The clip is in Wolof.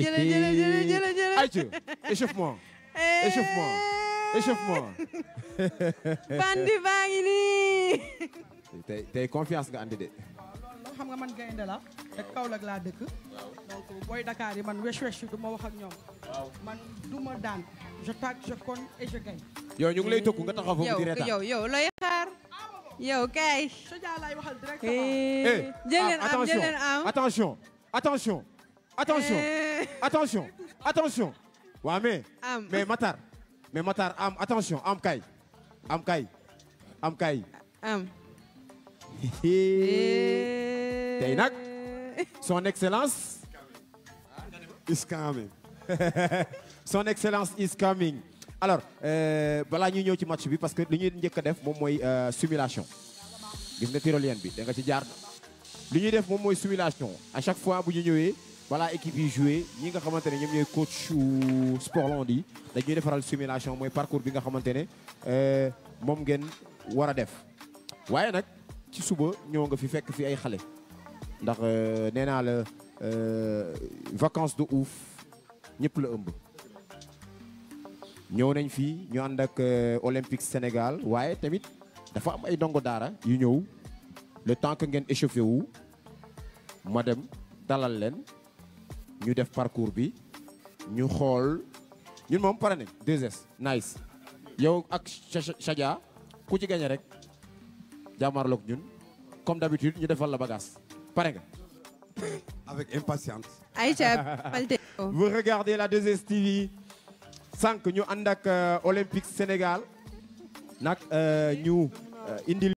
jële jële jële jële jële ayca échauffement échauffement échauffement bandi baa ngi tey confiance nga andi de xam nga man gaynde la te Kaolack laa dëkk donc booy man wesh wesh du ma ñoom man du daan je tâte je cogne et je gagne ñu ngi lay tëkku nga taxaw foofu di reetaan yow yow kay eh. eh. jëleen am jëleen ah, am attention attention eh. attention attention waa mais. am mais Matar mais Matar am attention am kay am kay am kay. am. Eh. tey nag son excellence. is coming son excellence is coming alors euh, balaa ñuy ñëw ci match bi parce que li ñuy njëkk a def moom mooy euh, simulation gis nga tyrolienne bi da nga ci jaar li ñuy def moom mooy simulation à chaque fois bu ñu ñëwee. balaa équipe yi joué ñi nga xamante ne ñoom ñooy coach Sportland yi dañuy defaral simulation mooy parcours bi nga xamante ne euh, moom ngeen war a def waaye nag ci suba ñëw nga fi fekk fi ay xale ndax euh, nee naa la euh, vacances de ouf ñëpp la ëmb ñëw nañ fi ñu ànd ak Olympique Sénégal waaye tamit dafa am ay ndongo daara yu ñëw le temps que ngeen échauffé wu ma dem dalal leen ñu def parcours bi ñu xool ñun moom pare nañ 2S yow ak Chadia ku ci gañe rek jàmmaarloog ñun comme d'habitude ñu defal la bagage pare nga avec impatience Aïcha Palte vous regardez la 2STV sànq ñu ànd ak euh, Olympique Sénégal nag euh, ñu euh, indil